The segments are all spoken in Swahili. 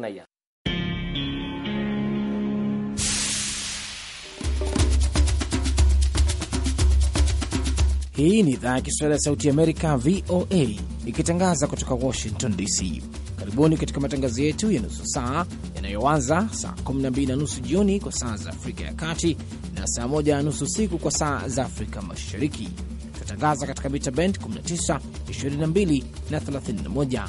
Naya. Hii ni idhaa ya Kiswahili ya Sauti Amerika, VOA, ikitangaza kutoka Washington DC. Karibuni katika matangazo yetu ya nusu saa yanayoanza saa 12 na nusu jioni kwa saa za Afrika ya Kati na saa 1 na nusu usiku kwa saa za Afrika Mashariki. Tunatangaza katika mita bend 19, 22 na 31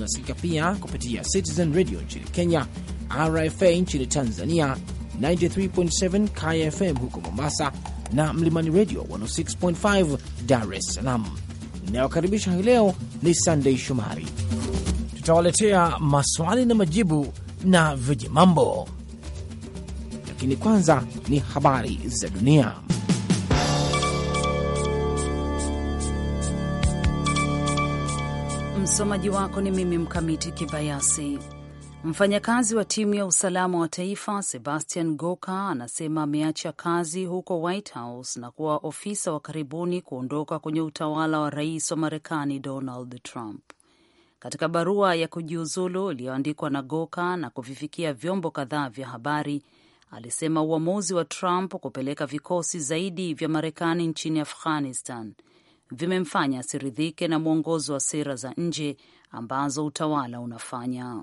zinasikika pia kupitia Citizen Radio nchini Kenya, RFA nchini Tanzania, 93.7 KFM huko Mombasa na Mlimani Radio 106.5 Dar es Salaam. Inayokaribisha hii leo ni Sandei Shomari. Tutawaletea maswali na majibu na vijimambo, lakini kwanza ni habari za dunia. Msomaji wako ni mimi Mkamiti Kibayasi. Mfanyakazi wa timu ya usalama wa taifa Sebastian Goka anasema ameacha kazi huko White House na kuwa ofisa wa karibuni kuondoka kwenye utawala wa rais wa Marekani Donald Trump. Katika barua ya kujiuzulu iliyoandikwa na Goka na kuvifikia vyombo kadhaa vya habari, alisema uamuzi wa Trump kupeleka vikosi zaidi vya Marekani nchini Afghanistan vimemfanya asiridhike na mwongozo wa sera za nje ambazo utawala unafanya.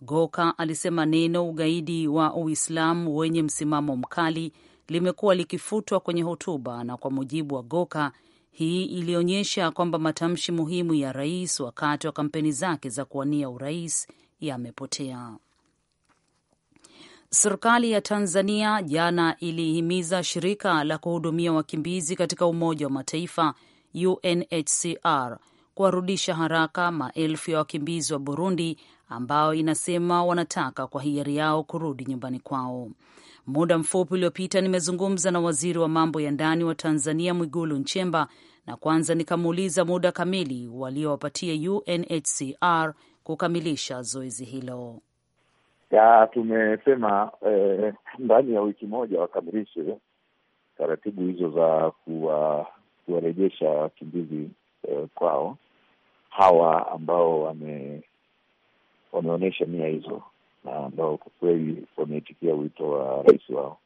Goka alisema neno ugaidi wa Uislamu wenye msimamo mkali limekuwa likifutwa kwenye hotuba, na kwa mujibu wa Goka, hii ilionyesha kwamba matamshi muhimu ya rais wakati wa kampeni zake za kuwania urais yamepotea. Serikali ya Tanzania jana ilihimiza shirika la kuhudumia wakimbizi katika Umoja wa Mataifa UNHCR kuwarudisha haraka maelfu ya wakimbizi wa Burundi ambao inasema wanataka kwa hiari yao kurudi nyumbani kwao. Muda mfupi uliopita nimezungumza na waziri wa mambo ya ndani wa Tanzania, Mwigulu Nchemba, na kwanza nikamuuliza muda kamili waliowapatia UNHCR kukamilisha zoezi hilo. Ya, tumesema eh, ndani ya wiki moja wakamilishe taratibu hizo za kuwa kuwarejesha wakimbizi eh, kwao hawa ambao wame wameonyesha nia hizo na ambao kwa kweli wameitikia wito wa rais wao.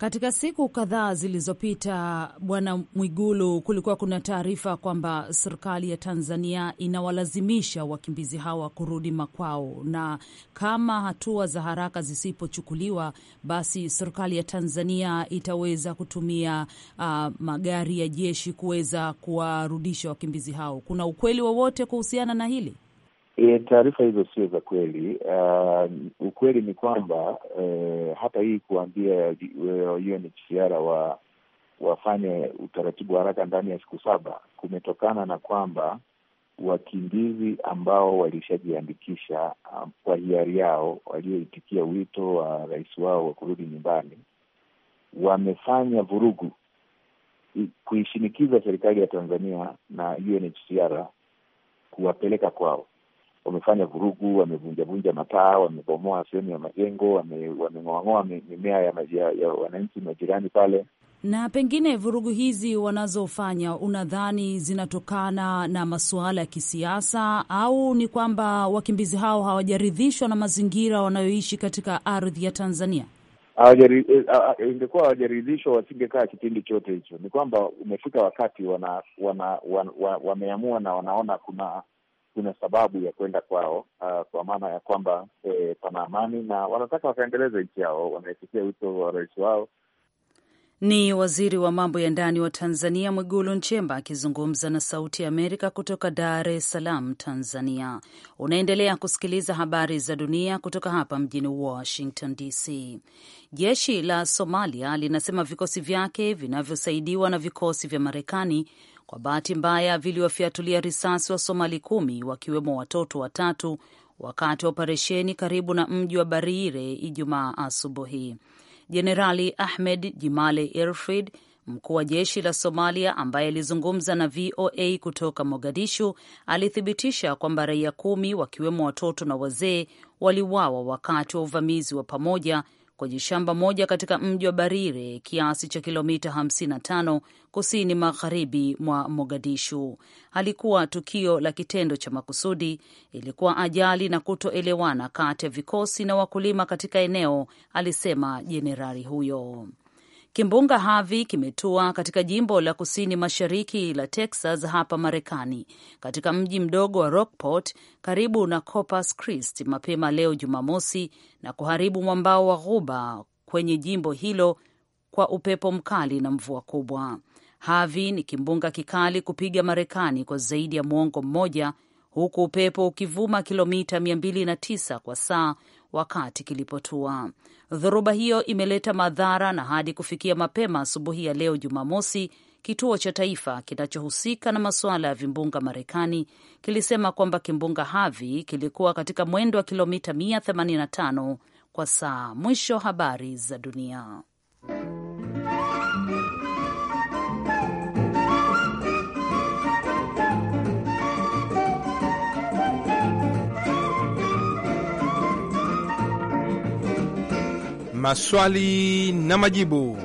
Katika siku kadhaa zilizopita, Bwana Mwigulu, kulikuwa kuna taarifa kwamba serikali ya Tanzania inawalazimisha wakimbizi hawa kurudi makwao, na kama hatua za haraka zisipochukuliwa, basi serikali ya Tanzania itaweza kutumia uh, magari ya jeshi kuweza kuwarudisha wakimbizi hao. Kuna ukweli wowote kuhusiana na hili? E, taarifa hizo sio za kweli. Uh, ukweli ni kwamba uh, hata hii kuambia UNHCR uh, wa wafanye utaratibu wa haraka ndani ya siku saba kumetokana na kwamba wakimbizi ambao walishajiandikisha um, kwa hiari yao walioitikia wito wa rais wao wa kurudi nyumbani wamefanya vurugu kuishinikiza serikali ya Tanzania na UNHCR kuwapeleka kwao wamefanya vurugu, wamevunjavunja mataa wamebomoa sehemu ya majengo, wameng'oang'oa mimea ya, ya, ya wananchi majirani pale. Na pengine vurugu hizi wanazofanya unadhani zinatokana na masuala ya kisiasa au ni kwamba wakimbizi hao hawajaridhishwa na mazingira wanayoishi katika ardhi ya Tanzania? Eh, ingekuwa hawajaridhishwa wasingekaa kipindi chote hicho. Ni kwamba umefika wakati wana, wana, wana, wameamua na wanaona kuna kuna sababu ya kwenda kwao, uh, kwa maana ya kwamba eh, pana amani na wanataka wakaendeleze nchi yao, wanaitikia wito wa rais wao. Ni waziri wa mambo ya ndani wa Tanzania Mwigulu Nchemba akizungumza na Sauti ya Amerika kutoka Dar es Salaam, Tanzania. Unaendelea kusikiliza habari za dunia kutoka hapa mjini Washington DC. Jeshi la Somalia linasema vikosi vyake vinavyosaidiwa na vikosi vya Marekani kwa bahati mbaya viliwafiatulia risasi wa Somali kumi wakiwemo watoto watatu wakati wa operesheni karibu na mji wa Bariire Ijumaa asubuhi. Jenerali Ahmed Jimale Irfid, mkuu wa jeshi la Somalia, ambaye alizungumza na VOA kutoka Mogadishu, alithibitisha kwamba raia kumi wakiwemo watoto na wazee waliuawa wakati wa uvamizi wa pamoja kwenye shamba moja katika mji wa Barire, kiasi cha kilomita 55 kusini magharibi mwa Mogadishu. Halikuwa tukio la kitendo cha makusudi, ilikuwa ajali na kutoelewana kati ya vikosi na wakulima katika eneo, alisema jenerali huyo. Kimbunga Harvey kimetua katika jimbo la kusini mashariki la Texas hapa Marekani, katika mji mdogo wa Rockport karibu na Corpus Christi mapema leo Jumamosi, na kuharibu mwambao wa ghuba kwenye jimbo hilo kwa upepo mkali na mvua kubwa. Harvey ni kimbunga kikali kupiga Marekani kwa zaidi ya mwongo mmoja, huku upepo ukivuma kilomita 209 kwa saa wakati kilipotua. Dhoruba hiyo imeleta madhara na hadi kufikia mapema asubuhi ya leo Jumamosi, kituo cha taifa kinachohusika na masuala ya vimbunga Marekani kilisema kwamba kimbunga Havi kilikuwa katika mwendo wa kilomita 185 kwa saa. Mwisho habari za dunia. maswali na majibu.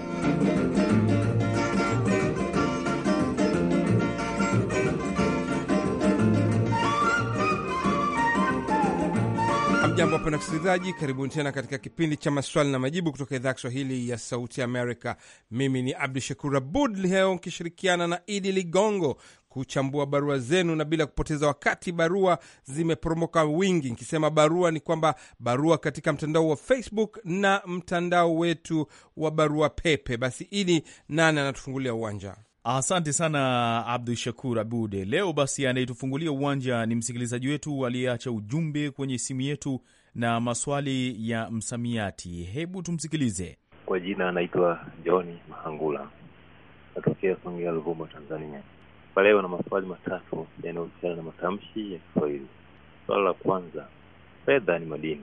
Jambo wapenda msikilizaji, karibuni tena katika kipindi cha maswali na majibu kutoka idhaa ya Kiswahili ya Sauti Amerika. Mimi ni Abdu Shakur Abud, leo nkishirikiana na Idi Ligongo kuchambua barua zenu, na bila kupoteza wakati, barua zimeporomoka wingi. Nikisema barua ni kwamba barua katika mtandao wa Facebook na mtandao wetu wa barua pepe. Basi ili nani anatufungulia uwanja? Asante sana Abdu Shakur Abude. Leo basi anayetufungulia uwanja ni msikilizaji wetu aliyeacha ujumbe kwenye simu yetu na maswali ya msamiati. Hebu tumsikilize. Kwa jina anaitwa Johni Mahangula, natokea Songea, Ruvuma, Tanzania. Hapa leo na maswali matatu yanayohusiana na matamshi ya Kiswahili. Swala la kwanza, fedha ni madini,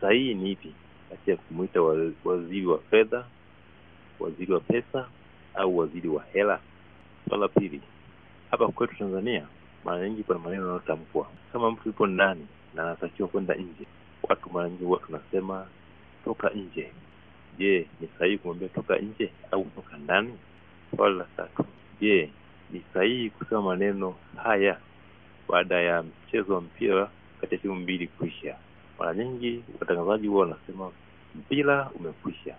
sahihi ni ipi kati ya kumwita waziri wa fedha, waziri wa pesa au waziri wa hela? Swala la pili, hapa kwetu Tanzania mara nyingi kuna maneno yanayotamkwa kama mtu yupo ndani na anatakiwa kwenda nje, watu mara nyingi huwa tunasema toka nje. Je, ni sahihi kumwambia toka nje au toka ndani? Swali la tatu, je ni sahihi kusema maneno haya baada ya mchezo wa mpira kati ya timu mbili kuisha. Mara nyingi watangazaji huwa wanasema mpira umekwisha.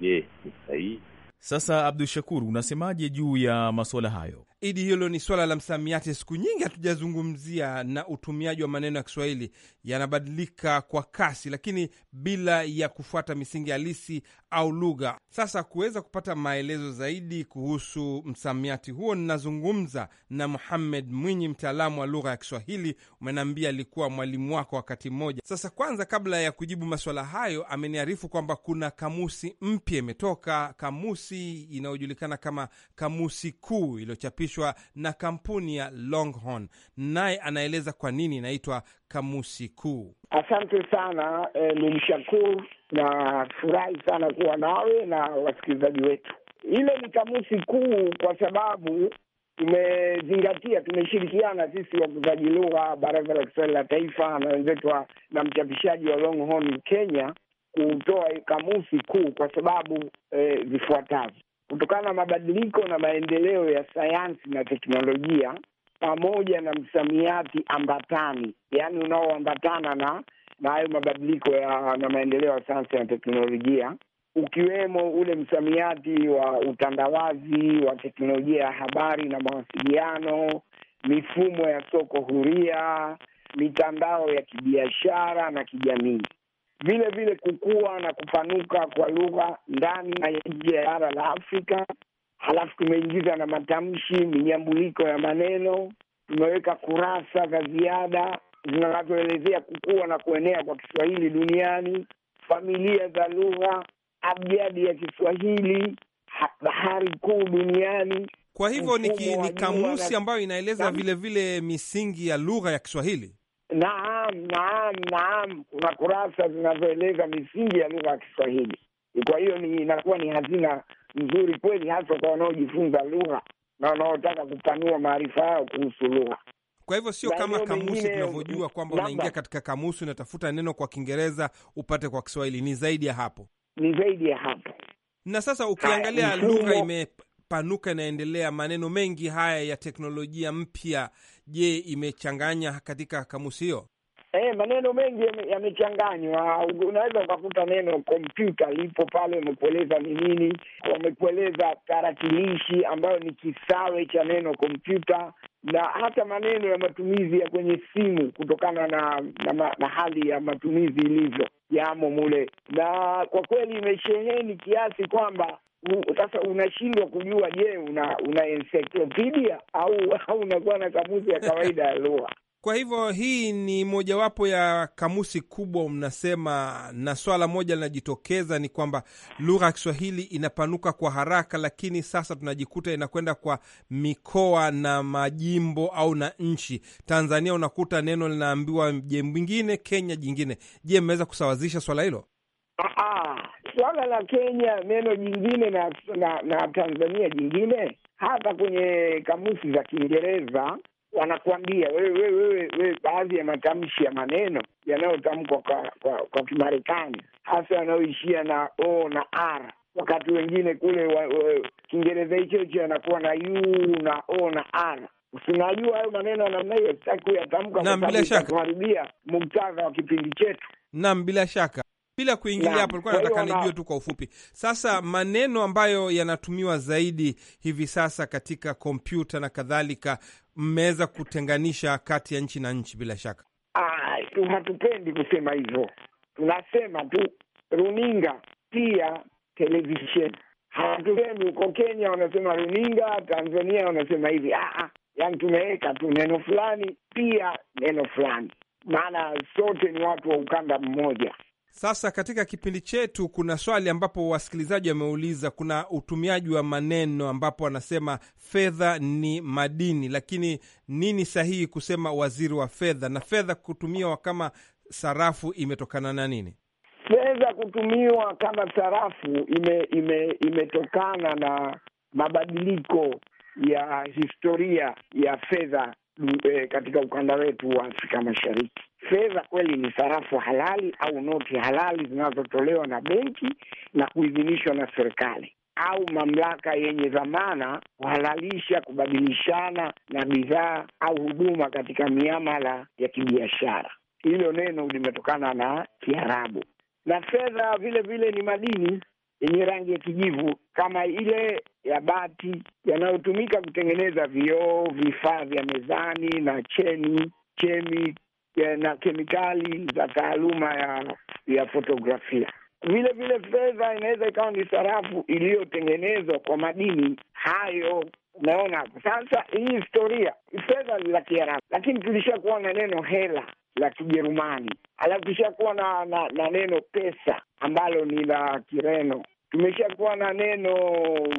Je, ni sahihi? Sasa Abdu Shakur, unasemaje juu ya masuala hayo? Idi, hilo ni swala la msamiati, siku nyingi hatujazungumzia, na utumiaji wa maneno ya Kiswahili yanabadilika kwa kasi, lakini bila ya kufuata misingi halisi au lugha. Sasa kuweza kupata maelezo zaidi kuhusu msamiati huo, ninazungumza na Muhammed Mwinyi, mtaalamu wa lugha ya Kiswahili. Umeniambia alikuwa mwalimu wako wakati mmoja. Sasa kwanza, kabla ya kujibu maswala hayo, ameniarifu kwamba kuna kamusi mpya imetoka, kamusi inayojulikana kama Kamusi Kuu iliyochapishwa iliyochapishwa na kampuni ya Longhorn, naye anaeleza kwa nini inaitwa kamusi kuu. Asante sana eh, Lumshakuru, na furahi sana kuwa nawe na wasikilizaji wetu. Ile ni kamusi kuu kwa sababu tumezingatia tumeshirikiana sisi wakuzaji lugha, Baraza la Kiswahili la Taifa na wenzetu na mchapishaji wa Longhorn Kenya kutoa kamusi kuu kwa sababu vifuatavyo: eh, kutokana na mabadiliko na maendeleo ya sayansi na teknolojia pamoja na msamiati ambatani, yaani unaoambatana na na hayo mabadiliko ya na maendeleo ya sayansi na teknolojia, ukiwemo ule msamiati wa utandawazi wa teknolojia ya habari na mawasiliano, mifumo ya soko huria, mitandao ya kibiashara na kijamii vile vile kukua na kupanuka kwa lugha ndani na nje ya bara la Afrika. Halafu tumeingiza na matamshi, minyambuliko ya maneno, tumeweka kurasa za ziada zinazoelezea kukua na kuenea kwa Kiswahili duniani, familia za lugha, abjadi ya Kiswahili, bahari kuu duniani. Kwa hivyo ni, ki, ni kamusi ambayo inaeleza vilevile vile misingi ya lugha ya Kiswahili. Naam, naam, naam, kuna kurasa zinazoeleza misingi ya lugha ya Kiswahili. Kwa hiyo ni inakuwa ni hazina nzuri kweli, hasa kwa wanaojifunza lugha na wanaotaka kupanua maarifa yao kuhusu lugha. Kwa hivyo sio kama kamusi tunavyojua kwamba unaingia katika kamusi unatafuta neno kwa Kiingereza upate kwa Kiswahili, ni zaidi ya hapo, ni zaidi ya hapo. Na sasa ukiangalia lugha imepanuka, inaendelea, maneno mengi haya ya teknolojia mpya Je, imechanganya katika kamusi hiyo? E, eh, maneno mengi yamechanganywa. Unaweza ukakuta neno kompyuta lipo pale, wamekueleza ni nini, wamekueleza tarakilishi ambayo ni kisawe cha neno kompyuta, na hata maneno ya matumizi ya kwenye simu kutokana na, na, na hali ya matumizi ilivyo yamo mule, na kwa kweli imesheheni kiasi kwamba sasa unashindwa kujua, je, una una encyclopedia au au unakuwa na kamusi ya kawaida ya lugha? Kwa hivyo hii ni mojawapo ya kamusi kubwa mnasema, na swala moja linajitokeza ni kwamba lugha ya Kiswahili inapanuka kwa haraka, lakini sasa tunajikuta inakwenda kwa mikoa na majimbo au na nchi. Tanzania unakuta neno linaambiwa je mwingine, Kenya jingine. Je, mmeweza kusawazisha swala hilo? Ah, ah, swala la Kenya neno jingine na, na, na Tanzania jingine, hata kwenye kamusi za Kiingereza wanakuambia wewe, baadhi ya matamshi ya maneno yanayotamkwa kwa, kwa, kwa Kimarekani hasa yanayoishia na o na r wakati wengine kule Kiingereza hicho hicho anakuwa na u na o na r. Sinajua hayo maneno ya namna hiyo sitaki kuyatamka kwa muktadha wa kipindi chetu. Naam, bila shaka bila kuingilia hapo, nilikuwa nataka nijue tu kwa ufupi, sasa maneno ambayo yanatumiwa zaidi hivi sasa katika kompyuta na kadhalika, mmeweza kutenganisha kati ya nchi na nchi? Bila shaka ah, hatupendi kusema hivyo, tunasema tu runinga, pia televisheni. Hatusemi huko Kenya wanasema runinga, Tanzania wanasema hivi. Ah, ah, yani tumeweka tu neno fulani, pia neno fulani, maana sote ni watu wa ukanda mmoja. Sasa katika kipindi chetu kuna swali ambapo wasikilizaji wameuliza, kuna utumiaji wa maneno ambapo wanasema fedha ni madini, lakini nini sahihi kusema waziri wa fedha, na fedha kutumiwa kama sarafu imetokana na nini? Fedha kutumiwa kama sarafu ime, ime, imetokana na mabadiliko ya historia ya fedha eh, katika ukanda wetu wa Afrika Mashariki fedha kweli ni sarafu halali au noti halali zinazotolewa na benki na kuidhinishwa na serikali au mamlaka yenye dhamana kuhalalisha kubadilishana na bidhaa au huduma katika miamala ya kibiashara. Hilo neno limetokana na Kiarabu. Na fedha vile vile ni madini yenye rangi ya kijivu kama ile ya bati, yanayotumika kutengeneza vioo, vifaa vya mezani na cheni, chemi, na kemikali za taaluma ya ya fotografia. Vile vile fedha inaweza ikawa ni sarafu iliyotengenezwa kwa madini hayo. Unaona sasa, hii historia fedha la Kiarabu, lakini tulishakuwa na neno hela la Kijerumani, alafu tulishakuwa na, na, na neno pesa ambalo ni la Kireno tumeshakuwa na neno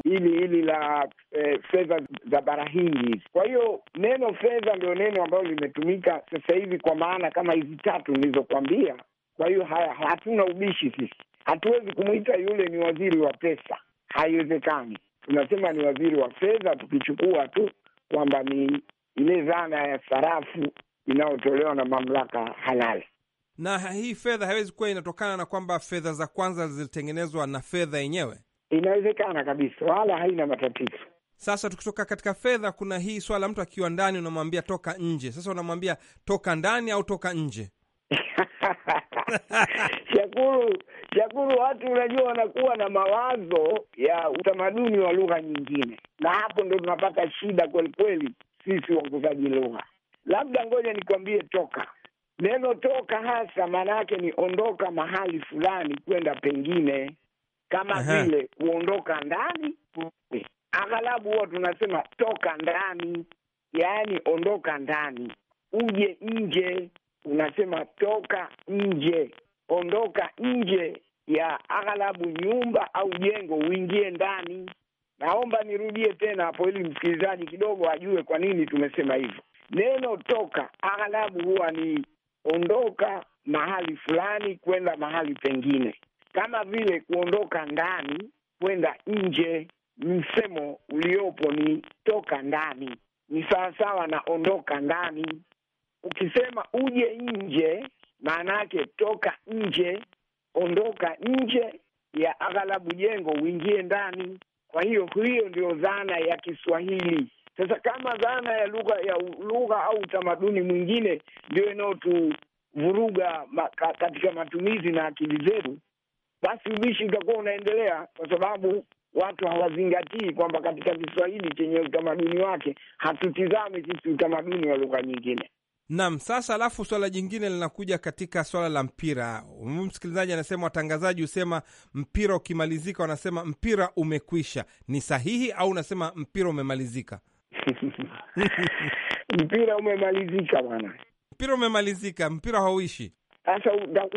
hili hili la eh, fedha za bara hili. Kwa hiyo neno fedha ndio neno ambalo limetumika sasa hivi kwa maana kama hizi tatu nilizokwambia. Kwa hiyo haya, hatuna ubishi sisi, hatuwezi kumwita yule ni waziri wa pesa, haiwezekani. Tunasema ni waziri wa fedha, tukichukua tu kwamba ni ile dhana ya sarafu inayotolewa na mamlaka halali na hii fedha haiwezi kuwa inatokana na kwamba fedha za kwanza zilitengenezwa na fedha yenyewe. Inawezekana kabisa, wala haina matatizo. Sasa tukitoka katika fedha, kuna hii swala, mtu akiwa ndani unamwambia toka nje. Sasa unamwambia toka ndani au toka nje? Shakuru, Shakuru, watu unajua wanakuwa na mawazo ya utamaduni wa lugha nyingine, na hapo ndo tunapata shida kwelikweli sisi wakuzaji lugha. Labda ngoja nikwambie toka Neno toka hasa maana yake ni ondoka mahali fulani kwenda pengine, kama vile kuondoka ndani. Aghalabu huwa tunasema toka ndani, yaani ondoka ndani uje nje. Unasema toka nje, ondoka nje ya aghalabu nyumba au jengo, uingie ndani. Naomba nirudie tena hapo, ili msikilizaji kidogo ajue kwa nini tumesema hivyo. Neno toka aghalabu huwa ni ondoka mahali fulani kwenda mahali pengine, kama vile kuondoka ndani kwenda nje. Msemo uliopo ni toka ndani, ni sawasawa na ondoka ndani. Ukisema uje nje, maana yake toka nje, ondoka nje ya aghalabu jengo uingie ndani. Kwa hiyo hiyo ndio dhana ya Kiswahili sasa kama dhana ya lugha ya lugha au utamaduni mwingine ndio inayotuvuruga ma, katika matumizi na akili zetu, basi ubishi utakuwa unaendelea, kwa sababu watu hawazingatii kwamba katika Kiswahili chenye utamaduni wake hatutizami sisi utamaduni wa lugha nyingine. Naam. Sasa alafu swala jingine linakuja katika swala la mpira. Msikilizaji anasema watangazaji husema mpira ukimalizika, wanasema mpira umekwisha. Ni sahihi au unasema mpira umemalizika? mpira umemalizika bwana, mpira umemalizika, mpira hauishi. Sasa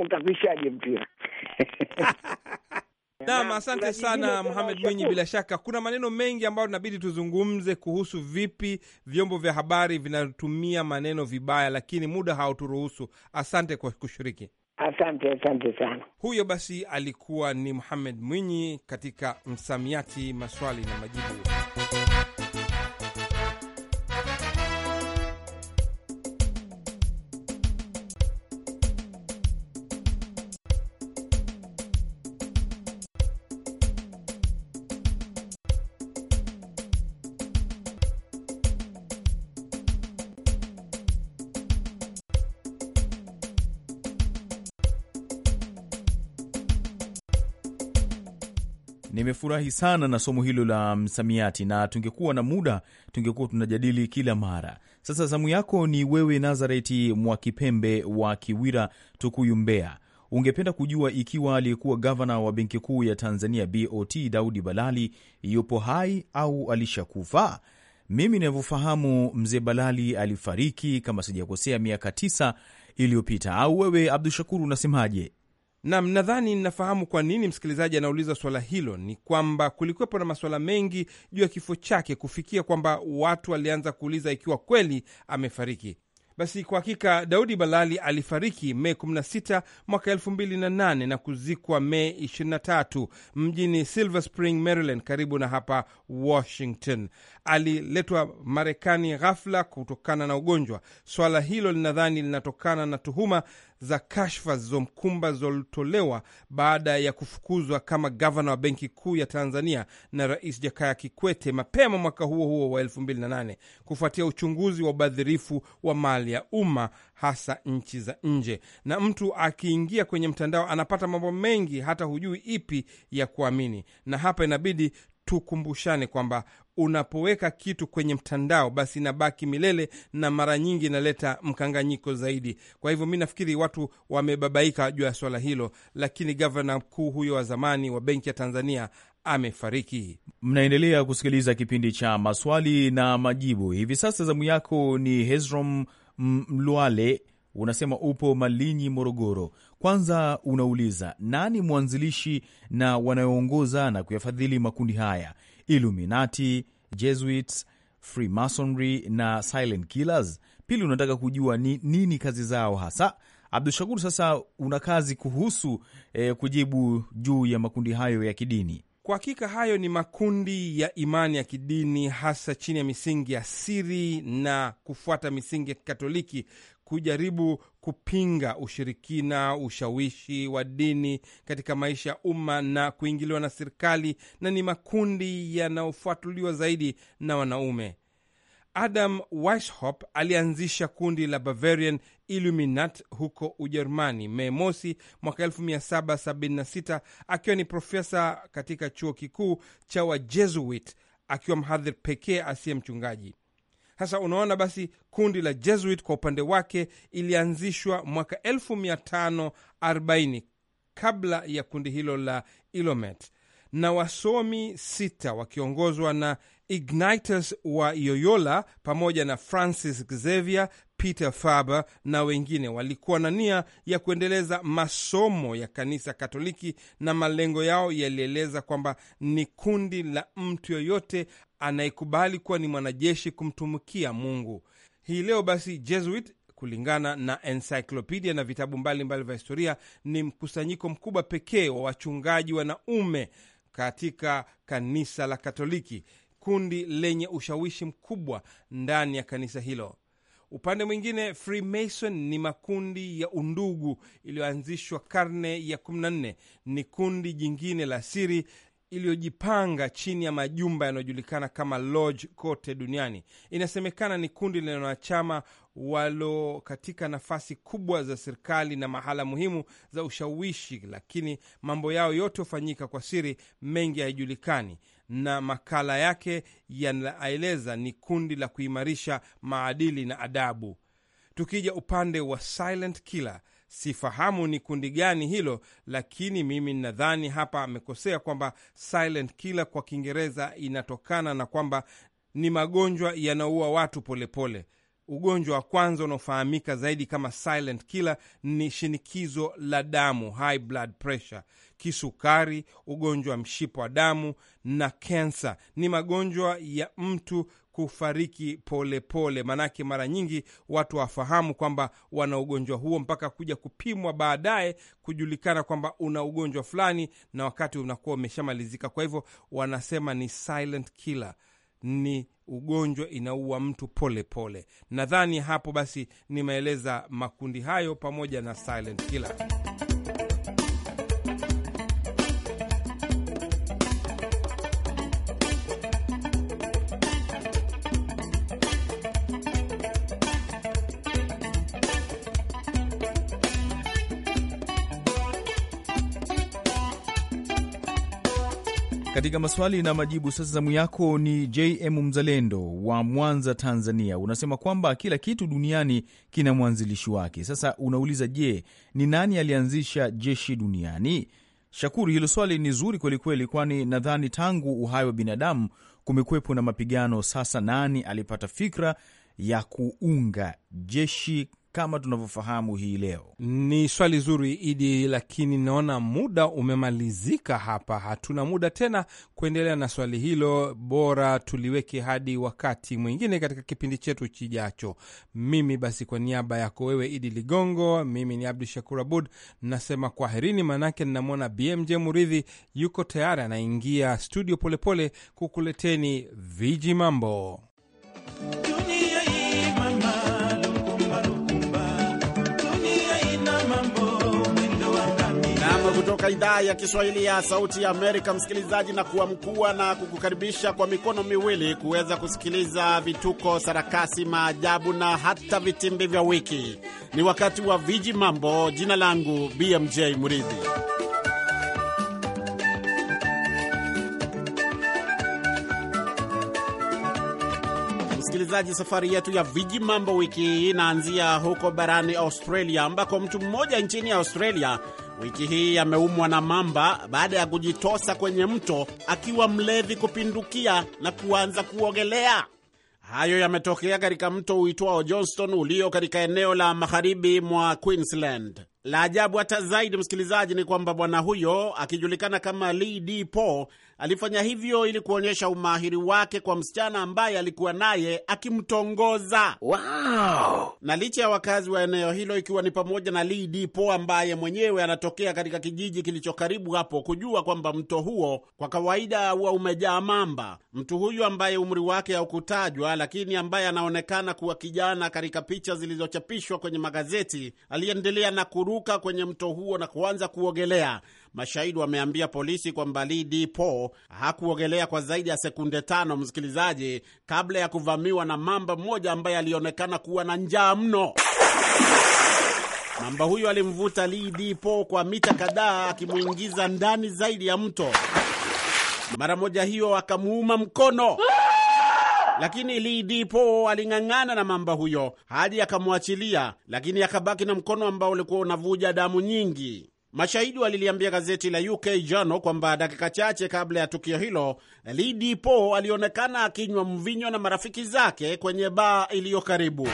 utakuishaje mpira? Naam, asante sana mhamed Mwinyi. Bila shaka kuna maneno mengi ambayo tunabidi tuzungumze kuhusu vipi vyombo vya habari vinatumia maneno vibaya, lakini muda hauturuhusu. Asante kwa kushiriki. Asante, asante sana. Huyo basi alikuwa ni muhamed Mwinyi katika msamiati maswali na majibu. Nimefurahi sana na somo hilo la msamiati, na tungekuwa na muda tungekuwa tunajadili kila mara. Sasa zamu yako ni wewe, Nazareti mwa Kipembe wa Kiwira, Tukuyu, mbea Ungependa kujua ikiwa aliyekuwa gavana wa Benki Kuu ya Tanzania BOT Daudi Balali yupo hai au alishakufa. Mimi navyofahamu mzee Balali alifariki kama sijakosea miaka tisa iliyopita, au wewe Abdu shakuru unasemaje? na nadhani ninafahamu kwa nini msikilizaji anauliza swala hilo. Ni kwamba kulikuwepo na maswala mengi juu ya kifo chake kufikia kwamba watu walianza kuuliza ikiwa kweli amefariki. Basi kwa hakika Daudi Balali alifariki Mei 16 mwaka 2008 na kuzikwa Mei 23 mjini Silver Spring, Maryland, karibu na hapa Washington. Aliletwa Marekani ghafla kutokana na ugonjwa. Swala hilo linadhani linatokana na tuhuma za kashfa zilizomkumba zilizotolewa baada ya kufukuzwa kama gavana wa Benki Kuu ya Tanzania na Rais Jakaya Kikwete mapema mwaka huo huo wa 2008 kufuatia uchunguzi wa ubadhirifu wa mali ya umma hasa nchi za nje. Na mtu akiingia kwenye mtandao anapata mambo mengi, hata hujui ipi ya kuamini. Na hapa inabidi tukumbushane kwamba unapoweka kitu kwenye mtandao basi inabaki milele na mara nyingi inaleta mkanganyiko zaidi. Kwa hivyo mi nafikiri watu wamebabaika juu ya swala hilo, lakini gavana mkuu huyo wa zamani wa Benki ya Tanzania amefariki. Mnaendelea kusikiliza kipindi cha maswali na majibu. Hivi sasa zamu yako ni Hezrom Mlwale, unasema upo Malinyi, Morogoro. Kwanza unauliza nani mwanzilishi na wanayoongoza na kuyafadhili makundi haya? Illuminati, Jesuits, Freemasonry na Silent Killers? Pili, unataka kujua ni nini kazi zao hasa. Abdu Shakur, sasa una kazi kuhusu eh, kujibu juu ya makundi hayo ya kidini. Kwa hakika hayo ni makundi ya imani ya kidini, hasa chini ya misingi ya siri na kufuata misingi ya Kikatoliki kujaribu kupinga ushirikina, ushawishi wa dini katika maisha ya umma na kuingiliwa na serikali, na ni makundi yanayofuatuliwa zaidi na wanaume. Adam Weishaupt alianzisha kundi la Bavarian Illuminat huko Ujerumani Mei mosi mwaka 1776 akiwa ni profesa katika chuo kikuu cha Wajesuit akiwa mhadhiri pekee asiye mchungaji. Sasa unaona, basi kundi la Jesuit kwa upande wake ilianzishwa mwaka 1540 kabla ya kundi hilo la Ilomet na wasomi sita wakiongozwa na Ignatius wa yoyola pamoja na Francis Xavier, Peter Faber na wengine walikuwa na nia ya kuendeleza masomo ya kanisa Katoliki, na malengo yao yalieleza kwamba ni kundi la mtu yoyote anayekubali kuwa ni mwanajeshi kumtumikia Mungu. Hii leo basi Jesuit kulingana na encyclopedia na vitabu mbalimbali vya historia ni mkusanyiko mkubwa pekee wa wachungaji wanaume katika kanisa la Katoliki, kundi lenye ushawishi mkubwa ndani ya kanisa hilo. Upande mwingine, Freemason ni makundi ya undugu iliyoanzishwa karne ya 14. Ni kundi jingine la siri iliyojipanga chini ya majumba yanayojulikana kama lodge kote duniani. Inasemekana ni kundi lenye wanachama walo katika nafasi kubwa za serikali na mahala muhimu za ushawishi, lakini mambo yao yote hufanyika kwa siri, mengi hayajulikani. Na makala yake yanaeleza ni kundi la kuimarisha maadili na adabu. Tukija upande wa silent killer sifahamu ni kundi gani hilo, lakini mimi nadhani hapa amekosea kwamba silent killer kwa Kiingereza inatokana na kwamba ni magonjwa yanaua watu polepole pole. Ugonjwa wa kwanza unaofahamika zaidi kama silent killer ni shinikizo la damu, high blood pressure, kisukari, ugonjwa wa mshipo wa damu na kansa. Ni magonjwa ya mtu kufariki polepole, maanake mara nyingi watu wafahamu kwamba wana ugonjwa huo mpaka kuja kupimwa baadaye kujulikana kwamba una ugonjwa fulani, na wakati unakuwa umeshamalizika. Kwa hivyo wanasema ni silent killer, ni ugonjwa inaua mtu polepole. Nadhani hapo basi nimeeleza makundi hayo pamoja na silent killer. Katika maswali na majibu, sasa zamu yako ni JM Mzalendo wa Mwanza, Tanzania. Unasema kwamba kila kitu duniani kina mwanzilishi wake. Sasa unauliza, je, ni nani alianzisha jeshi duniani? Shakuru, hilo swali ni zuri kwelikweli, kwani nadhani tangu uhai wa binadamu kumekuwepo na mapigano. Sasa nani alipata fikra ya kuunga jeshi kama tunavyofahamu hii leo. Ni swali zuri Idi, lakini naona muda umemalizika hapa. Hatuna muda tena kuendelea na swali hilo, bora tuliweke hadi wakati mwingine katika kipindi chetu kijacho. Mimi basi, kwa niaba yako wewe Idi Ligongo, mimi ni Abdu Shakur Abud nasema kwaherini, maanake ninamwona BMJ Muridhi yuko tayari anaingia studio polepole kukuleteni viji mambo Dunia. kutoka idhaa ya Kiswahili ya Sauti ya Amerika, msikilizaji, na kuamkua na kukukaribisha kwa mikono miwili kuweza kusikiliza vituko, sarakasi, maajabu na hata vitimbi vya wiki. Ni wakati wa viji mambo. Jina langu BMJ Muridhi. Msikilizaji, safari yetu ya viji mambo wiki hii inaanzia huko barani Australia, ambako mtu mmoja nchini Australia wiki hii ameumwa na mamba baada ya kujitosa kwenye mto akiwa mlevi kupindukia na kuanza kuogelea. Hayo yametokea katika mto uitwao Johnston ulio katika eneo la magharibi mwa Queensland. La ajabu hata zaidi, msikilizaji, ni kwamba bwana huyo akijulikana kama Lee D Po Alifanya hivyo ili kuonyesha umahiri wake kwa msichana ambaye alikuwa naye akimtongoza. Wow! Na licha ya wakazi wa eneo hilo, ikiwa ni pamoja na Lee Dipo ambaye mwenyewe anatokea katika kijiji kilicho karibu hapo, kujua kwamba mto huo kwa kawaida huwa umejaa mamba, mtu huyu ambaye umri wake haukutajwa, lakini ambaye anaonekana kuwa kijana katika picha zilizochapishwa kwenye magazeti, aliendelea na kuruka kwenye mto huo na kuanza kuogelea. Mashahidi wameambia polisi kwamba Lee Dipo hakuogelea kwa zaidi ya sekunde tano, msikilizaji, kabla ya kuvamiwa na mamba mmoja ambaye alionekana kuwa na njaa mno. Mamba huyo alimvuta Lee Dipo kwa mita kadhaa, akimwingiza ndani zaidi ya mto. Mara moja hiyo akamuuma mkono lakini Dipo aling'ang'ana na mamba huyo hadi akamwachilia, lakini akabaki na mkono ambao ulikuwa unavuja damu nyingi. Mashahidi waliliambia gazeti la UK jano kwamba dakika chache kabla ya tukio hilo Lidi Po alionekana akinywa mvinyo na marafiki zake kwenye baa iliyo karibu.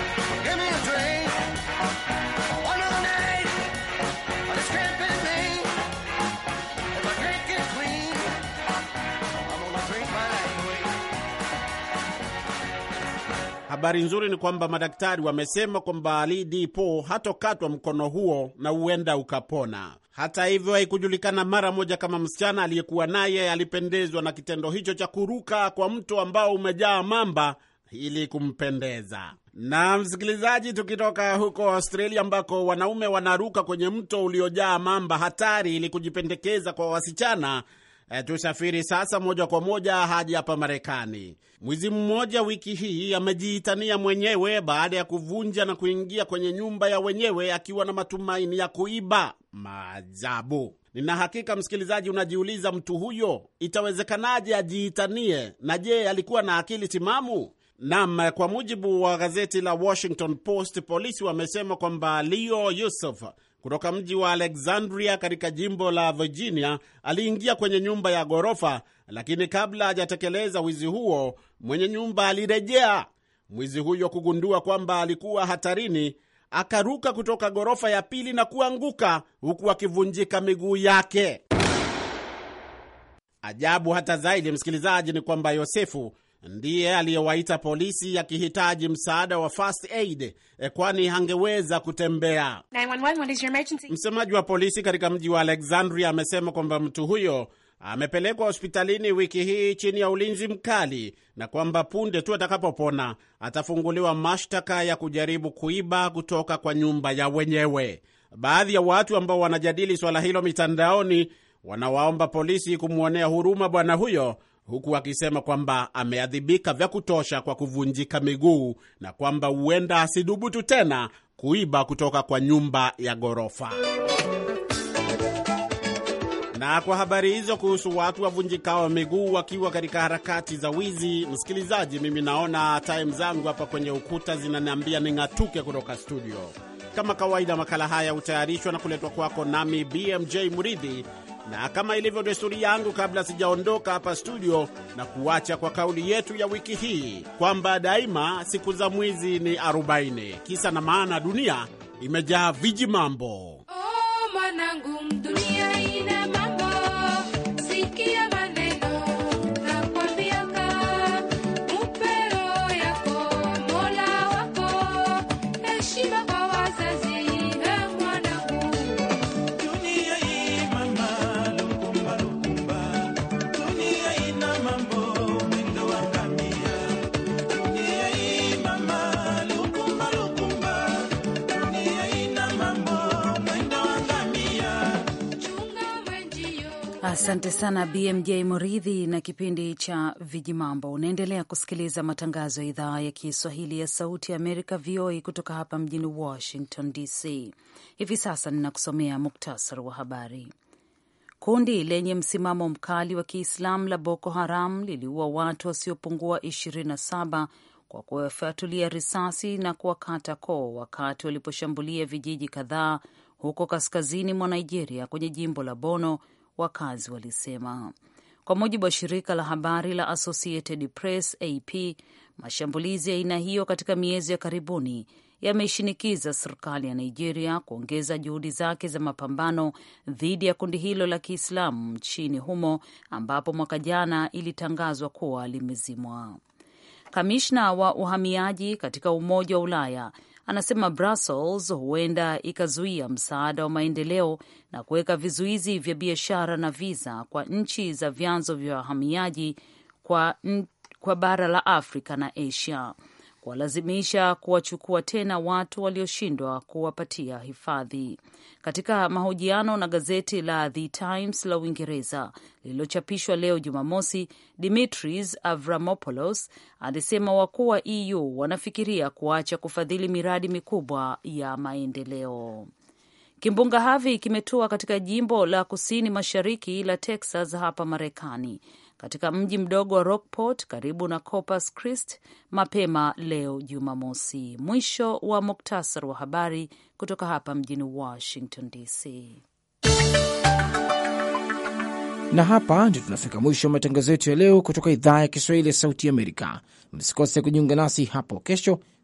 Habari nzuri ni kwamba madaktari wamesema kwamba Ali Dipo hatokatwa mkono huo na huenda ukapona. Hata hivyo, haikujulikana mara moja kama msichana aliyekuwa naye alipendezwa na kitendo hicho cha kuruka kwa mto ambao umejaa mamba ili kumpendeza. Na msikilizaji, tukitoka huko Australia ambako wanaume wanaruka kwenye mto uliojaa mamba hatari ili kujipendekeza kwa wasichana, E, tusafiri sasa moja kwa moja hadi hapa Marekani. Mwizi mmoja wiki hii amejiitania mwenyewe baada ya kuvunja na kuingia kwenye nyumba ya wenyewe akiwa na matumaini ya kuiba. Maajabu! Nina hakika msikilizaji, unajiuliza mtu huyo itawezekanaje ajiitanie, na je, alikuwa na akili timamu? Nam, kwa mujibu wa gazeti la Washington Post, polisi wamesema kwamba Leo Yusuf kutoka mji wa Alexandria katika jimbo la Virginia aliingia kwenye nyumba ya ghorofa, lakini kabla hajatekeleza wizi huo, mwenye nyumba alirejea. Mwizi huyo kugundua kwamba alikuwa hatarini, akaruka kutoka ghorofa ya pili na kuanguka huku akivunjika miguu yake. Ajabu hata zaidi, msikilizaji, ni kwamba Yosefu ndiye aliyewaita polisi akihitaji msaada wa first aid, eh, kwani hangeweza kutembea. Msemaji wa polisi katika mji wa Alexandria amesema kwamba mtu huyo amepelekwa hospitalini wiki hii chini ya ulinzi mkali na kwamba punde tu atakapopona atafunguliwa mashtaka ya kujaribu kuiba kutoka kwa nyumba ya wenyewe. Baadhi ya watu ambao wanajadili swala hilo mitandaoni wanawaomba polisi kumwonea huruma bwana huyo huku akisema kwamba ameadhibika vya kutosha kwa kuvunjika miguu na kwamba huenda asidhubutu tena kuiba kutoka kwa nyumba ya ghorofa. Na kwa habari hizo kuhusu watu wavunjikao miguu wakiwa katika harakati za wizi, msikilizaji, mimi naona time zangu hapa kwenye ukuta zinaniambia ning'atuke kutoka studio. Kama kawaida, makala haya hutayarishwa na kuletwa kwako nami BMJ Muridhi na kama ilivyo desturi yangu, kabla sijaondoka hapa studio, na kuacha kwa kauli yetu ya wiki hii kwamba daima siku za mwizi ni 40. Kisa na maana, dunia imejaa viji mambo. Oh, Asante sana BMJ Muridhi na kipindi cha Vijimambo. Unaendelea kusikiliza matangazo ya idhaa ya Kiswahili ya Sauti ya Amerika, VOA, kutoka hapa mjini Washington DC. Hivi sasa ninakusomea muktasari wa habari. Kundi lenye msimamo mkali wa Kiislamu la Boko Haram liliua watu wasiopungua 27 kwa kuwafyatulia risasi na kuwakata koo wakati waliposhambulia vijiji kadhaa huko kaskazini mwa Nigeria kwenye jimbo la Bono wakazi walisema, kwa mujibu wa shirika la habari la Associated Press AP. Mashambulizi ya aina hiyo katika miezi ya karibuni yameishinikiza serikali ya Nigeria kuongeza juhudi zake za mapambano dhidi ya kundi hilo la Kiislamu nchini humo ambapo mwaka jana ilitangazwa kuwa limezimwa. Kamishna wa uhamiaji katika Umoja wa Ulaya Anasema Brussels huenda ikazuia msaada wa maendeleo na kuweka vizuizi vya biashara na viza kwa nchi za vyanzo vya wahamiaji kwa, kwa bara la Afrika na Asia kuwalazimisha kuwachukua tena watu walioshindwa kuwapatia hifadhi. Katika mahojiano na gazeti la The Times la Uingereza lililochapishwa leo Jumamosi, Dimitris Avramopoulos alisema wakuu wa EU wanafikiria kuacha kufadhili miradi mikubwa ya maendeleo. Kimbunga Harvey kimetua katika jimbo la kusini mashariki la Texas hapa Marekani katika mji mdogo wa Rockport karibu na Corpus Christi mapema leo Jumamosi. Mwisho wa muktasar wa habari kutoka hapa mjini Washington DC. Na hapa ndio tunafika mwisho wa matangazo yetu ya leo kutoka idhaa ya Kiswahili ya Sauti Amerika. Msikose kujiunga nasi hapo kesho